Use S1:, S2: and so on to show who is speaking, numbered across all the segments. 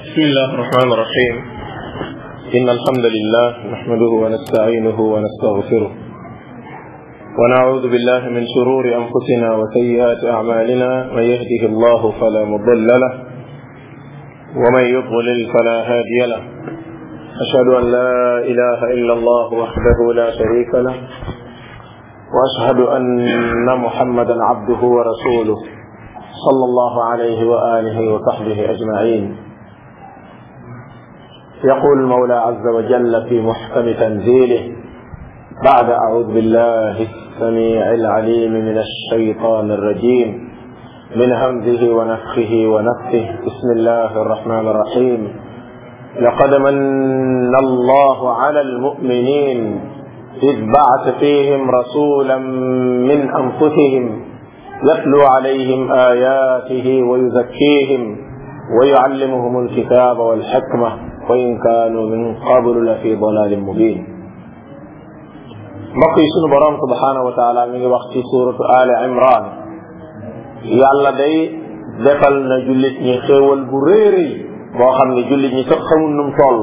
S1: بسم الله الرحمن الرحيم إن الحمد لله نحمده ونستعينه ونستغفره ونعوذ بالله من شرور أنفسنا وسيئات أعمالنا من يهده الله فلا مضل له ومن يضلل فلا هادي له أشهد أن لا إله إلا الله وحده لا شريك له وأشهد أن محمدا عبده ورسوله صلى الله عليه واله وصحبه اجمعين يقول المولى عز وجل في محكم تنزيله بعد اعوذ بالله السميع العليم من الشيطان الرجيم من همزه ونفخه ونفخه بسم الله الرحمن الرحيم لقد من الله على المؤمنين اذ بعث فيهم رسولا من انفسهم يتلو عليهم آياته ويزكيهم ويعلمهم الكتاب والحكمة وإن كانوا من قبل لفي ضلال مبين بقي سنو سبحانه وتعالى من وقت سورة آل عمران يا الله دي دفل نجلت نخيو البريري بوخم نجلت نتخم النمطل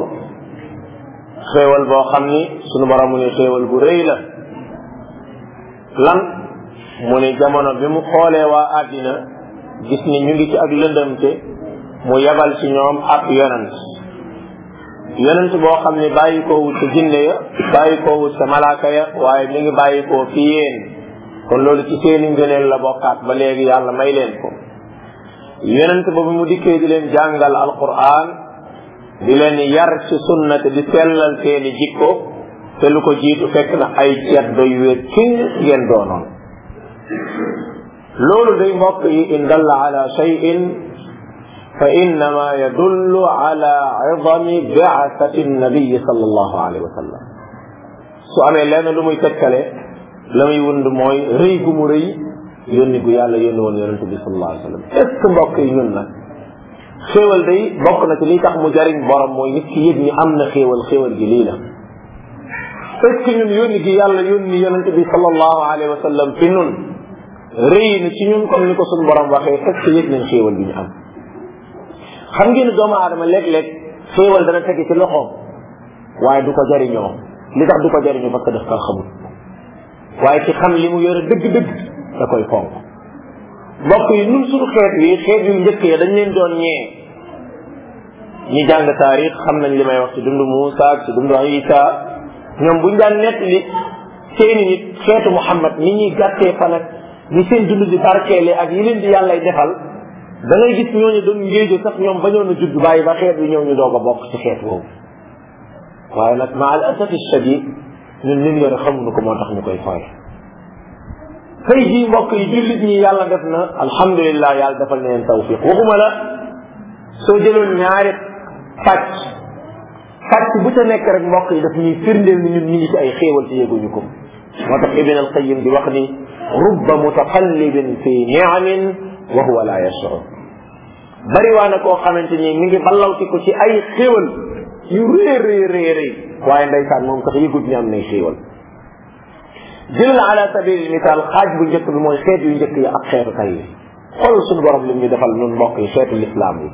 S1: خيو البوخم نسنو برام نخيو البريري لن mu ne jamono bi mu xoolee waa àddina gis ni ñu ngi ci ak lëndëmte mu yebal ci ñoom ab yonent yonent boo xam ni bàyyi ko wut sa jinne ya bàyyi ko wut sa malaaka ya waaye mi ngi bàyyi ko fi yéen kon loolu ci seeni ngëneel la bokkaat ba léegi yàlla may leen ko yonent boobu mu dikkee di leen jàngal alquran di leen yar ci sunna te di sellal seeni jikko te lu ko jiitu fekk na ay ceet doy wér kin ngeen doonoon loolu day mbokk yi in dalla ala shay'in su amee lenn lu muy tekkale la muy wund mooy rëy gu mu rëy yónni gu yàlla yónni woon yonente bi sallallahu alayhi wa sallam est ce yi ñun nag bokk na ci tax mu jariñ borom mooy nit ki am na xéewal xéewal gi lii la rëy na ci ñun comme ni ko suñu borom waxee fekk yëg nañ xéewal bi ñu am xam ngeen doomu aadama léeg-léeg xéewal dana tegi ci loxo waaye du ko jariñoo li tax du ko jariñoo parce que daf koo xamul waaye ci xam mu yore dëgg-dëgg da koy yi ñun suñu xeet wi xeet yu njëkk ya dañ leen doon ñee ñi jàng taarix xam nañ li may wax ci dundu Muusa ak dundu Isa ñoom buñ daan nett li seeni nit xeetu Muhammad ni ñuy gàttee fan ni seen dund di barkeele ak yi leen di yàllay defal da ngay gis ñooñu doon ngéejo sax ñoom bañoon a judd bàyyi ba xeet wi ñëw ñu doog a bokk ci xeet woowu waaye nag ma al asafi shadid ñun lim yore xamuñu ko moo tax ñu koy fooye tey jii mbokk yi jullit ñi yàlla def na alhamdulilah yàlla defal na leen tawfiq waxuma la soo jëloon ñaari pàcc pàcc bu ca nekk rek mbokk yi daf ñuy firndeel ni ñun ñu ngi ci ay xéewal te yéeguñu ko moo tax ibn al qayim di wax ni رب متقلب في نعم وهو لا يشعر bari waa na koo xamante ni mi ngi ballawti ko ci ay xéwal yu rëy rëy rëy rëy waaye ndeysaan moom sax yëgut ni am nay xéwal jëlal ala sabili misaal xaaj bu njëkk bi mooy xeet yu njëkk yi ak xeetu tey yi xool suñu borom lim ñu defal ñun mbokk yi xeetu lislaam yi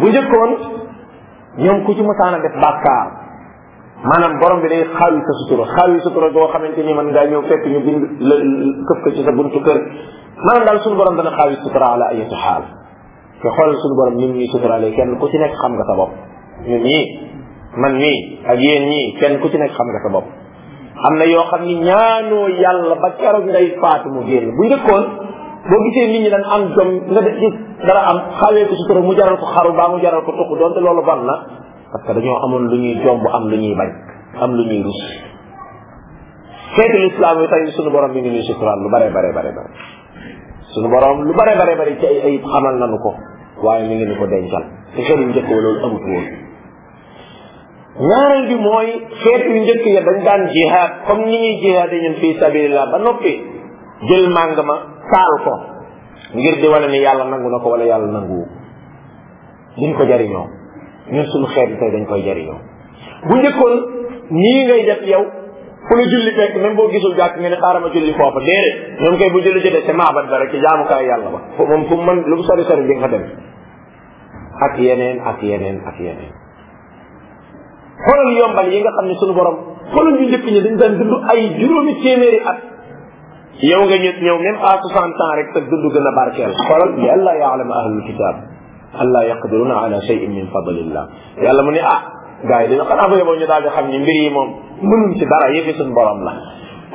S1: bu njëkkoon ñoom ku ci mosaan a def bàkkaar maanaam borom bi day xaaw sa sutura xaaw sutura boo xamante ni man ngaa ñëw fekk ñu bind këf ko ci sa buntu kër maanaam daal suñu borom dana xaaw yi sutura ala ayati xaal te nekk xam nga sa bopp ñun man mii ak yéen ñii kenn ku ci nekk xam nga sa am na yoo xam ni ñaanoo yàlla ba keroog ngay faatu mu génn bu njëkkoon boo gisee nit ñi dañ am jom nga def gis dara am xawee sutura mu jaral ko xaru baa mu jaral ko tuq doonte loolu ban na parce que dañoo amoon lu ñuy jomb am lu ñuy bañ am lu ñuy rus xeetu lislaam yi tey suñu borom mi lu bare bare bare bare suñu borom lu bare bare bare ci ay ayib xamal nañu ko waaye mi ngi ñu ko dencal te xeetu njëkk wa loolu amut woon ñaareel bi mooy xeetu njëkk ya dañ daan jihaad comme ni ñuy jihaade ñun fii sabilillah ba noppi jël màng ma taal ko ngir di wane ni yàlla nangu na ko wala yàlla nangu duñ ko jariñoo ñun suñu xeet tey dañ koy jëriñoo bu njëkkoon nii ngay def yow ko lu julli fekk même boo gisul jàkk nga ne xaaral ma julli foofa déedéet ñoom kay bu julli jotee te maabat ba rek ci jaamukaay yàlla ba fu moom fu man lu mu sori sori di nga dem ak yeneen ak yeneen ak yeneen xoolal yombal yi nga xam ne suñu borom xoolal ñu njëkk ñi dañ daan dund ay juróomi téeméeri at yow nga ñëw même à 60 ans rek sa dund gën a barkeel xoolal yàlla yaalama ahlul kitab allah yaqdiruna ala shay'in min fadlillah yàlla mu ne ah gars yi dina xanaa ba yeboo ñu daal di xam ni mbir yi moom mënuñ ci dara yëfi suñ borom la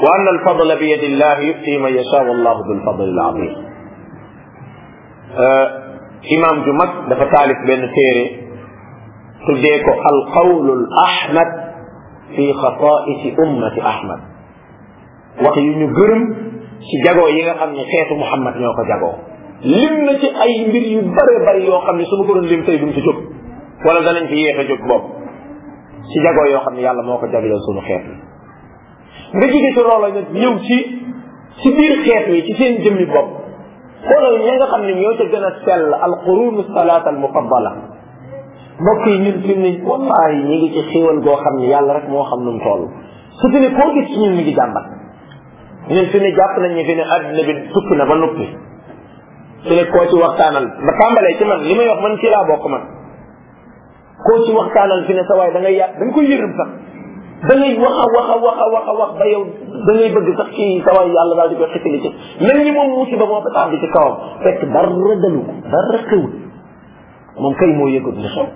S1: wa anna al fadla bi yadi llah yuti man yasha wallahu dul fadli al azim imam ju mag dafa taalif benn téere tuddee ko al qawlu al ahmad fi xasaisi ummati ahmad wax yu ñu gërëm ci jagoo yi nga xam ne xeetu muhammad ñoo ko jagoo lim na ci ay mbir yu bare bari yoo xam ne su ma ko doon lim tey duñ ci jóg wala danañ ci yéex a jóg bopp ci jagoo yoo xam ne yàlla moo ko jagleel sunu xeet yi nga jóge ci loola nag ñëw ci ci nga xam ne ñoo ca gën a sell alqurunu ngi ci xéewal goo xam ne yàlla rek moo xam nu mu toll su fi ne koo gis ci ñun mi ngi jàmbat ñun fi ne jàpp nañ ne fi ne àddina bi tukki na ba noppi su ne ko ci waxtanal ba tambale ci man limay wax man ci la bok man ko ci waxtanal fi ne sa way da ngay yàq da nga koy sax da ngay waxa waxa waxa waxa wax ba yow da ngay bëgg sax ci sa way yàlla dal di ko xitali ci mel ni moom ci ba mo ko tax ci kaw fekk dara dalu dar dara xewul moom kay mo yëgut ni xam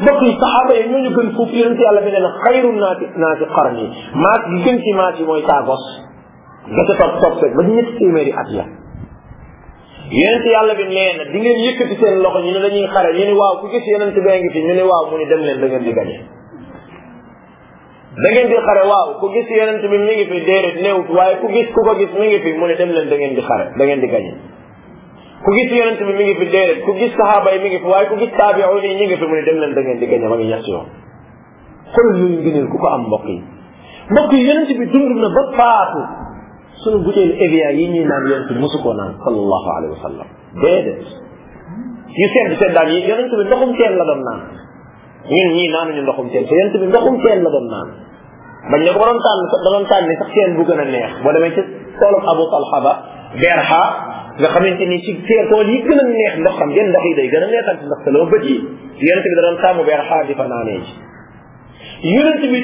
S1: bokki sahaba saxaaba yi ñooñu gën foofu yonente yàlla bi leen na xayru naasi qarni ma gën ci maas yi mooy saa da gëstu top top rek ba ñi ci téeméeri at la yonent yàlla bi nee na di ngeen yëkkati seen loxo ñu ne dañuy xare ñu ne waaw ku gis yonent bee ngi fi ñu ne waaw mu ni dem leen da ngeen di gañe da ngeen di xare waaw ku gis yonent bi mi ngi fi déedéet néewut waaye ku gis ku ko gis mi ngi fi mu ne dem leen dangeen ngeen di xare da di gañe ku gis yonent bi mi ngi fi déedéet ku gis saxaaba yi mi ngi fi waaye ku gis taabi'un yi ñu ngi fi mu ne dem leen da di gañe ma ngi ñett yoon yooyu ngëneel ko am mbokk yi sunu butéelu Evian yi ñuy naan yonent bi mosu koo naan sallallahu alayhi wa sallam déedéet yu sedd seddaan yi yonent bi ndoxum teen la doon naan ñun ñii naanuñu ndoxum teen te yonent bi ndoxum teen la doon naan bañ ne ko ba doon tànn da doon tànn sax teen bu gën a neex boo demee ci toolub Abu Talha ba Berha nga xamante ni ci teer tool yi gën a neex ndox xam ngeen ndox yi day gën a neexal ci ndox seloo bët yi yonent bi da doon tàmm Berha di fa naanee ji yonent bi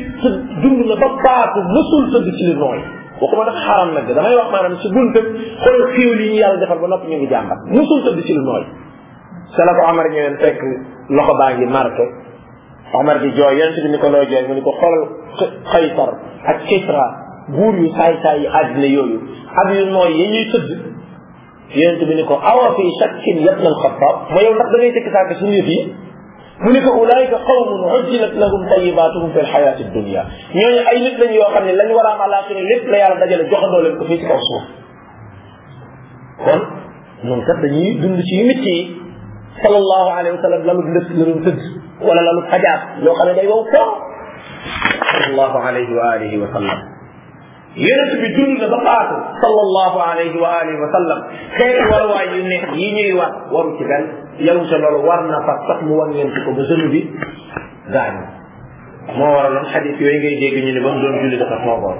S1: dund na ba paatu mësul tëdd ci li nooy waxuma dafa xaram nag damay wax maanaam si bunte xoolal xéewal yi ñu yàlla defal ba noppi ñu ngi jàmbat musul tëdd ci lu nooy sa la ko Omar ñëween fekk loxo baa ngi marqué Omar di jooy yonente bi ni ko looy jooy mu ni ko xoolal Qaysar ak Kisra buur yu saay-saay yu àddina yooyu ak yu nooy ya ñuy tëdd yonente bi ni ko awa fii shakkin yabna al-Xattaab ma yow ndax da ngay tëkk saaka suñu yëf yi منك أولئك قوم عجلت لهم طيباتهم في الحياة الدنيا يعني أي نت لن يوقعني لن يورا ما لكن نت لا يرى دجل جهد ولم كفيت أصوه كون نون كد ني صلى الله عليه وسلم لم يدلس لرم ولا لم تجاب يوقعني داي ووكو صلى الله عليه وآله وسلم yonent bi dund na ba faatu sallallahu alayhi wa alihi wa sallam xeeti yi ñuy war waru ci benn yow sa loolu war na mu sax mu wàññeenti ko ba sënu bi gaañu moo waraloon xadis yooyu ngay dégg ñu ne ba mu doon julli dafa toogoon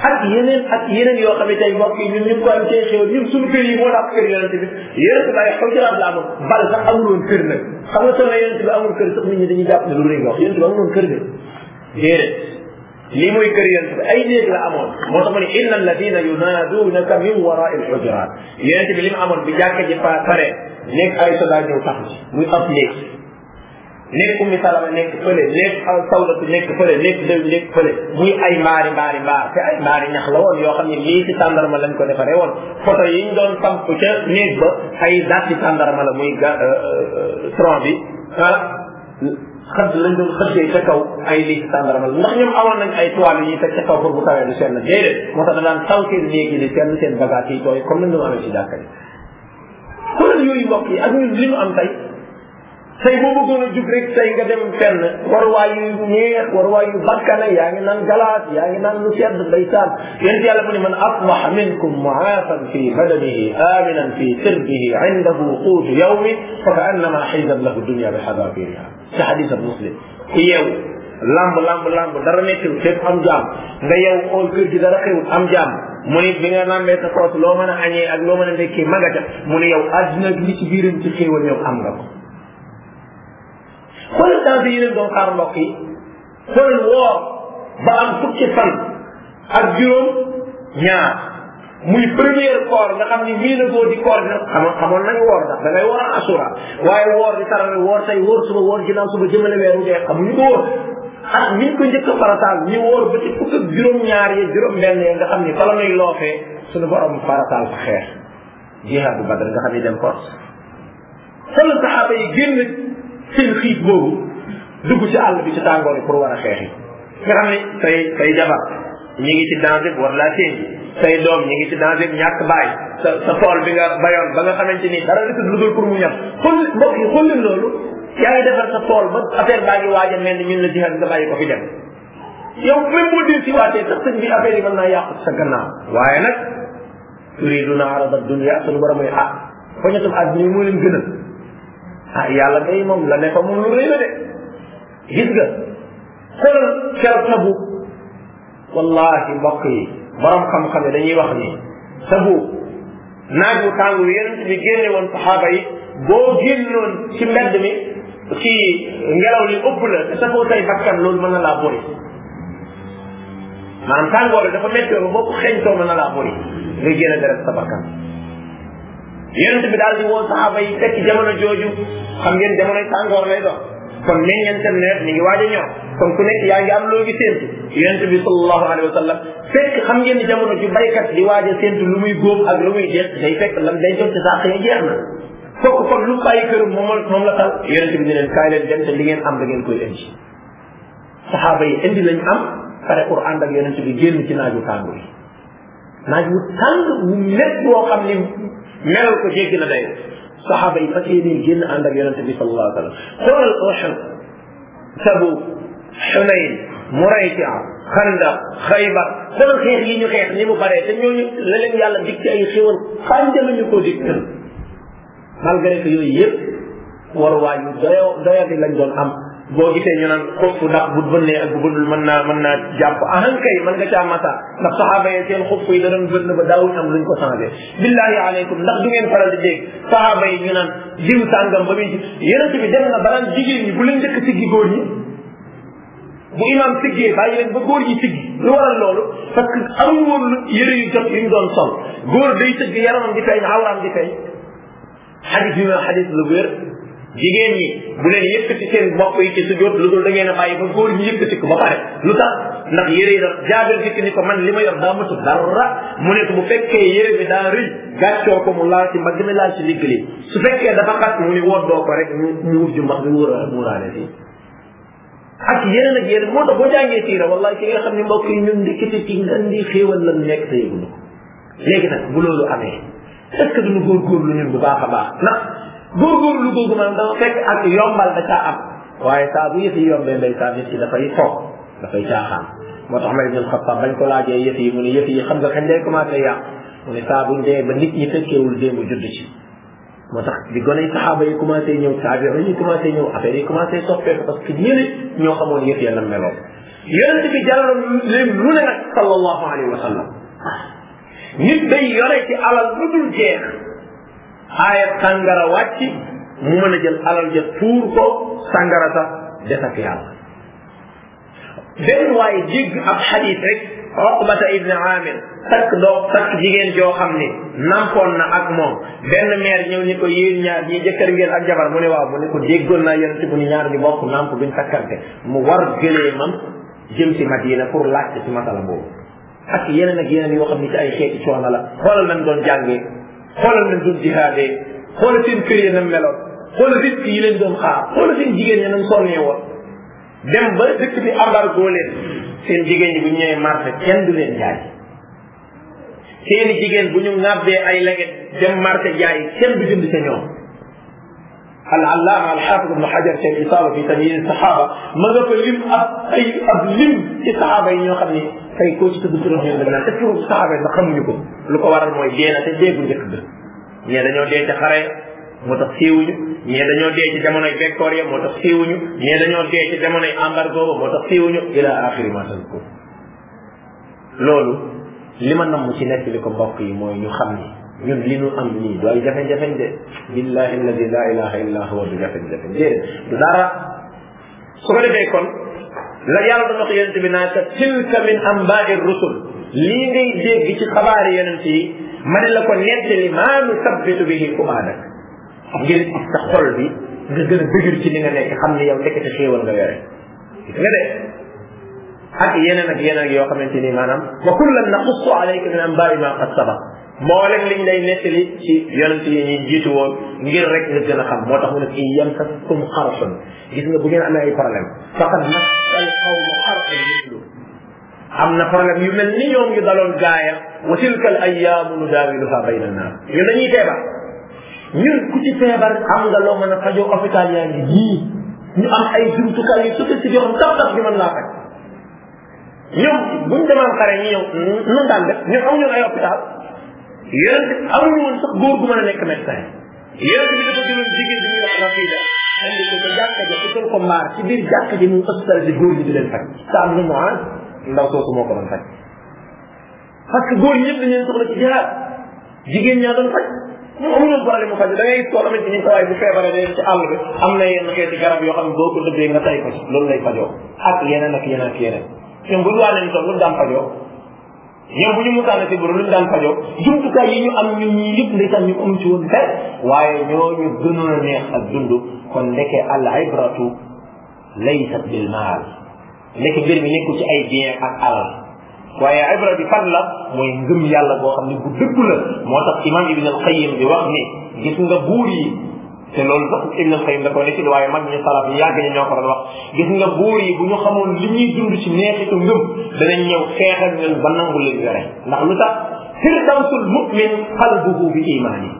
S1: ak yeneen ak yeneen yoo xam ne tey mbokk yi ñun ko am tey xew ñun suñu kër yi moo tax kër yonent bi yonent bi ay xujaraat la amoon bal sax amul woon kër nag xam nga soo ne yonent bi amul kër sax nit ñi dañuy jàpp ne lii mooy kër yonent bi ay néeg la amoon moo tax mu ne inna alladina yunaaduunaka min waraa alxujuraat yonent bi li mu amoon bi jàkka ji paa pare nekk ay sodaa ñëw tax ci muy ab néeg nekk ummi salama nekk fële nekk al sawdatu nekk fële nekk dëw nekk fële muy ay mbaari mbaari mbaar te ay mbaari ñax la woon yoo xam ne lii ci tàndarma lañ ko defaree woon photo yi ñu doon samp ca néeg ba ay dàtti tàndarma la muy ga tron bi ah xëdd lañ doon xëddee ca kaw ay lii tàndarma ndax ñoom amoon nañ ay toile yi teg ca kaw pour bu tawee du seen déedéet moo tax da daan taw seen néeg yi di seen seen bagage yi tooy comme nañ doon ci jàkka yi xoolal yooyu mbokk yi ak ñun li ñu am tey say boo bëggoon a jub rek say nga dem fenn waruwaay yu neex waruwaay yu bakkane yaa ngi naan galaat yaa ngi naan lu sedd ndeysaan yent yàlla mu ne man asbax minkum muaafan fi badanihi aminan fi sirbihi indahu quutu yawmi fa ka annama xizat lahu dunia bi xadabiriha ci xadis ab muslim ku yeewu lamb lamb lamb dara nekkul fépp am jaam nga yow xool kër gi dara xewul am jaam mu ni bi nga lambee sa koos loo mën a añee ak loo mën a ndekkee ma mu ni yow àdduna li ci biiram ci xéewal yow am nga ko xoolal danger yi leen doon xaar mbokk yi xoolal woor ba am fukki fan ak juróom ñaar muy premier koor nga xam ni mii na góor di koor dina xamoon xamoon nañu woor ndax da ngay waral asura waaye woor di taral woor tey woor suba woor ginnaaw suba jëmale weeru dee xamuñu ko woor ak niñ ko njëkk farataal ñi woor ba ci fukk ak juróom ñaar ya juróom benn ya nga xam ni fala nuy loofee suñu borom farataal sa xeer jihaadu badar nga xam ni dem force sala saxaaba yi génn seen xiif boobu dugg ci àll bi ci tàngoor bi pour war a xeexi nga xam ne say say jabar ñi ngi ci danger war laa séen say doom ñi ngi ci danger ñàkk bàyyi sa sa tool bi nga bayoon ba nga xamante ni dara desul lu mu ñam xul mbokk yi xulli loolu yaa ngi baa ngi waaj nga bàyyi ko fi dem yow même boo dil si waatee sax sëñ bi affaire yi mën naa yàqu sa gannaaw waaye nag turiduna arada dunia suñu borom mooy ah fañatam àdduna yi moo leen gënal ah yàlla day moom la ne fa moom lu rëy la de gis nga xoolal ker Tabuk wallahi mbokk yi borom xam-xam yi dañuy wax ni Tabuk naaj wu tàng wi yonent bi génne woon saxaaba yi boo génnoon ci mbedd mi ci ngelaw li ëpp la te safoo tay bakkan loolu mën na laa bori maanaam tàngoor bi dafa métti ba boo ko xeeñtoo mën na laa bori ngay génn deret sa bakkan yonent bi daal di woo saxaaba yi fekk jamono jooju xam ngeen jamonoy tàngoor lay doon kon meññeente nawet mi ngi waaj a ñëw kon ku nekk yaa ngi am loo ngi séentu yonent bi sallallahu alayhi wa fekk xam geen ni jamono ju baykat di waaj a séentu lu muy góob ak lu jeex day fekk lam day jot ci sàq ya jeex na fokk kon lu bàyyi këram moom moom la tal yonent bi ne leen kaay leen li ngeen am da ngeen koy indi saxaaba yi indi lañ am pare pour ànd ak yonent bi génn ci naaju tàng bi naaj wu tàng wu métt boo xam ni melal ko jéggi na dayo saxaaba yi fas yéeneen génn ànd ak yonente bi sallallahu alayhi wa sallam xoolal ocean sabu xunayn muraytia xandaq xaybar xoolal xeex yi ñu xeex ni mu baree te ñooñu la leen yàlla dig ci ay xéwal xànja la ñu ko dig malgré que yooyu yëpp waruwaay yu doyo doyati lañ doon am boo gisee ñu naan xof ndax bu bënnee ak bu bënnul mën naa mën naa jàpp ahankay mën nga caa masa ndax saxaaba yi seen xof yi da doon bënn ba daawuñu am luñ billahi aleykum ndax du ngeen faral di dégg saxaaba yi ñu naan jiw sàngam ba muy yeneen bi dem na banaan jigéen ñi bu leen njëkk siggi góor ñi bu imaam siggee bàyyi leen ba góor yi siggi lu waral loolu parce que amul woon yëre yu jot yu ñu doon sol góor day sëgg yaramam di feeñ awraam di feeñ xadis bi ma xadis lu wér jigéen ñi bu leen yëkkati seen bopp yi ci sujjóot lu dul da ngeen a bàyyi ba góor ñi yëkkati ko ba lu tax ndax yére yi daf jaabir dikk ni ko man li ma yor daa matu mu ne ko bu fekkee yére bi daa rëy ko mu laal ci mbagg mi laal liggéey su fekkee dafa xat mu ni woddoo ko rek ñu ñu wujju mbax mi wóora muuraale fii ak yeneen ak yeneen moo tax boo jàngee siira wallahi ki nga xam ne mbokk yi ñun ndikkati ci ngan di xéewal lan nekk te yëgunu ko léegi nag bu loolu amee est bu baax a baax góorgóorlu lu googu naan dama fekk ak yombal da caa am waaye saa bu yëf yi yombee ndeysaan nit ki dafay foog dafay caaxaan moo tax may jël xattaab bañ ko laajee yëf yi mu ne yëf yi xam nga kañ lay commencé yàq mu ne saa buñ dee ba nit ñi fekkeewul démb judd ci moo tax di gone yi saxaaba yi commencé ñëw saabiro yi commencé ñëw affaire yi commencé soppeeku parce que ñële ñoo xamoon yëf ya lan meloon yonent bi jaraloon leen lu ne nag sallallahu alayhi wa sallam nit day yore ci alal lu dul jeex aaya sàngara wàcc mu mën a jël alal jël tuur ko sàngara sax defak yàlla benn waaye jégg ab xadis rek Uqbata ibn Amir takk doog jigéen joo xam ni nampoon na ak moom benn meer ñëw ni ko yéen ñaar ñii jëkkër ngeen ak jabar mu ne waaw mu ne ko déggoon na yonent bu ni ñaar ñu bokk namp duñ takkante mu war gëleemam jëm ci Madina pour laajte ci masala boobu ak yeneen ak yeneen yoo xam ni ci ay xeeti coono la xoolal nañ doon jàngee xoolal nañ doon jihaadee xoolal seen kër ya nam meloon xoolal risque yi leen doon xaar xoolal seen jigéen ña nam sonnee woon dem ba dëkk bi embargo leen seen jigéen ñi bu ñu ñëwee marché kenn du leen jaay seeni jigéen bu ñu ŋàbbee ay leget dem marché jaay kenn du jënd sa ñoom al-allaama al-xaafid ibnu xajar seen isaaba fi tamyiz saxaaba ma nga fa lim ab ay ab lim ci saxaaba yi ñoo xam ni tey ko ci tudd turam ñoom na naan est ce que xam ñu ko lu ko waral moy deena te dee ñek njëkk bi ñee dañoo dee ci xare mo tax siiwuñu ñe dañu de ci jamono bekkoor ya moo tax siiwuñu ñe dañu de ci jamono embargo ba moo tax siiwuñu ila akhir ma tan ko lolu li ma namm ci nekk li ko mbokk yi moy ñu xam ni ñun li ñu am ni du jafe-jafe de billahi alladhi la ilaha illa huwa bi jafe-jafe de dara
S2: su ko defee kon
S1: la yàlla dama ko yonente bi naa ka tilka min ambaai rusul lii ngay dégg ci xabaari yonente yi ma ne la ko nettali maa nu sabbitu bihi quraanak ngir sa xol bi nga gën a dëgër ci li nga nekk xam ne yow nekkati xéewal nga yore gis nga de ak yeneen ak yeneen yoo xamante ni maanaam wa kullan naqussu alayka min ambaai ma qad sabaq mboolem liñ lay nettali ci yonent yi ñuy jiitu woon ngir rek nga gën a xam moo tax mu ne in yamsaskum xarsun gis nga bu ngeen amee ay problème faqad massal qawma xarsun mislu am na problème yu mel ni ñoom yu daloon gaaya wa tilka al ayyaamu nudaawiluha bayna nnaas ñun dañuy feebar ñun ku ci am nga loo mën a fajoo hôpital yaa ngi nii ñu am ay jumtukaay yu soppi si yoo xam tap-tap ñu mën laa faj ñoom buñ demaan xare ñi ñëw nun ay hôpital yonent bi amul woon sax góor gu mën a nekk médecin yonent bi dafa jëloon jigéen bi ñuy wax rafida andi ko ca jàkka ja utal ko maar ci biir jàkka ji muy hospitalisé góor ñi di leen faj saab nu mois ndaw soosu moo ko doon faj parce que góor ñëpp dañ leen soxla ci jihaad jigéen ñaa doon faj mu amuloon problème mu faj da ngay soo xamante ni sawaay bu feebaree day ci àll bi am na yenn xeeti garab yoo xam ne boo ko dëbbee nga tay ko ci loolu lay fajoo ak yeneen ak yeneen ak yeneen ñoom bu luwaa leen toll lu daan fajoo ñoom bu ñu musaana si buru luñ daan fajoo yi ñu am ñun ñii yëpp ndeysaan ñu am ci woon waaye ñoo gënoon a neex ak dund kon ndeke al ibratu laysat bil maal ndeke mbir mi nekku ci ay bien ak alal waaye ibra bi fan la mooy ngëm yàlla boo xam ne bu dëgg la moo tax imam ibn al qayyim bi wax ni nga buur yi te loolu sax ibn al-qayyim da ko ne ci waaye mag ñu salaf yi yàgg ñu ñoo ko doon wax gis nga buur yi bu ñu xamoon li ñuy dund ci neexitu ngëm danañ ñëw xeexal ñun ba nangu leen yore ndax lu tax firdawsul mu'min qalbuhu bi imani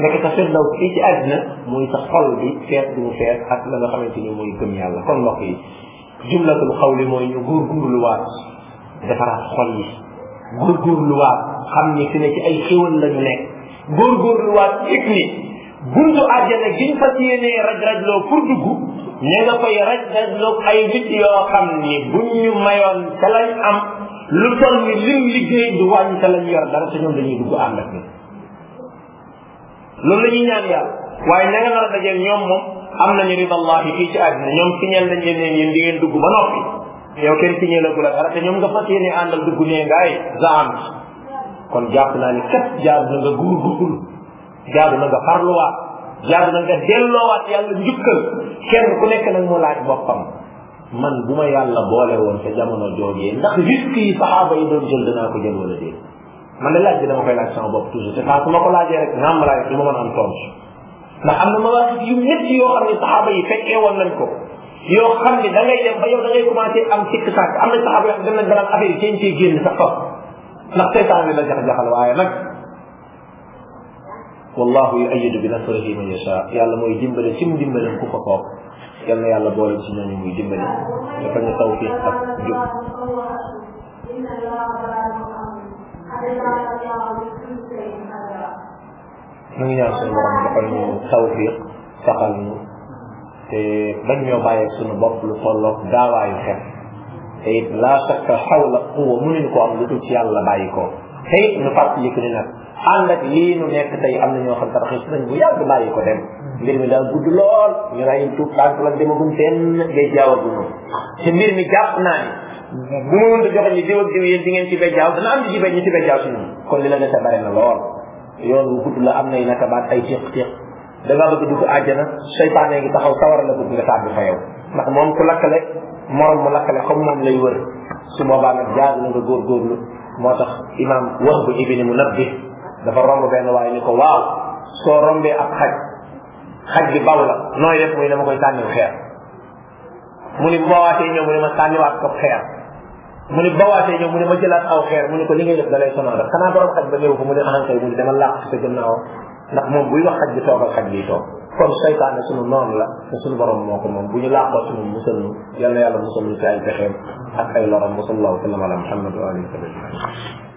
S1: nekk ta firdaw daw ci adna muy sa xol bi fees du mu ak la nga xamanteni ni gëm yàlla kon mbokk yi jumlatul xawli moy ñu gor gor lu waat defaraat xol yi gor gor lu waat xamni fi ne ci ay xéwal la ñu gor lu waat ikni buntu àjjana giñ fas yéenee raj rajloo pour dugg ñu nga koy raj rajloo ay nit yoo xam ni buñ ñu mayoon te lañ am lu toll ni lim liggéey du wàññi te lañ yor dara te ñoom dañuy dugg ànd ak ñun loolu la ñaan yàlla waaye na nga nar a dajeel ñoom moom am nañu ridallahi fii ci àddina ñoom signal nañ leen ne yéen di ngeen dugg ba noppi yow kenn signal la dara te ñoom nga fas yéene àndal dugg nee ngaay zaam kon jàpp naa ni kat jaar na nga góorgóorlu jaadu na nga farluwaat jaadu na nga delloowaat yàlla njukkal kenn ku nekk nag moo laaj boppam man bu ma yàlla boole woon ca jamono joojee ndax risque yi saxaaba yi doon jël danaa ko jël wala déet man de laaj bi dama koy laaj sama bopp toujours te saa ma ko laajee rek naam laaj du ma mën a am tontu ndax am na mawaaqit yu métti yoo xam ne saxaaba yi fekkee woon nañ ko yoo xam ne da ngay dem da ngay commencé am sikk na saxaaba yoo xam dem nañ ba naan affaire yi seen cee la jax jaxal waaye nag wallahu yu ayidu bi nasrihi man yasha yàlla mooy dimbale ci mu dimbaleen ku ko koob yal na yàlla boole ci ñooñu muy dimbale dafa tawfiq ak jub
S2: ñu ngi ñaan suñu borom dafa
S1: ñu bopp lu tolloog daawaayu xel te it laa sakka xawla quwa mënuñu ko am lu dul ci yàlla bàyyi ko te it ñu fàttaliku ni nag ànd ak lii nu nekk tey am na ñoo xam tarxiis nañ bu yàgg bàyyi ko dem mbir mi daa gudd lool ñu ay tuub tànk lañ demagum fenn ngay jaaw ak noonu te mbir mi jàpp naa ni bu ma mënta joxe ni diw ak diw yéen di ngeen ci bay jaaw dana am di ci bay ñu ci bay jaaw si ñun kon li la dese bare na lool yoon wu gudd la am nay naka baat ay téq téq da ngaa bëgg dugg àjjana seytaane ngi taxaw sawara la bëgg nga tàbbi fa yow ndax moom ku lakkale morom mu lakkale comme moom lay wër su boobaa nag jaar na nga góorgóorlu moo tax imaam wax bu ibni mu nabbi dafa romb benn waaye ni ko waaw soo rombee ab xaj xaj bi baw la nooy def muy dama koy sànniw xeer mu ni bawaatee ñëw mu ne ma sànniwaat ko xeer mu ni bawaatee ñëw mu ne ma jëlaat aw xeer mu ne ko li ngay def da lay sonal xanaa borom xaj ba néew ko mu ne ahan mu ni dama làq sa gannaaw ndax moom buy wax xaj bi toogal xaj bi toog kon seytaane sunu noonu la te sunu borom moo ko moom bu ñu làqoo sunu musal nu yàlla yàlla musal nu ci ay pexeem ak ay loram wa sallallahu sallam ala muhammad wa alihi wa sallam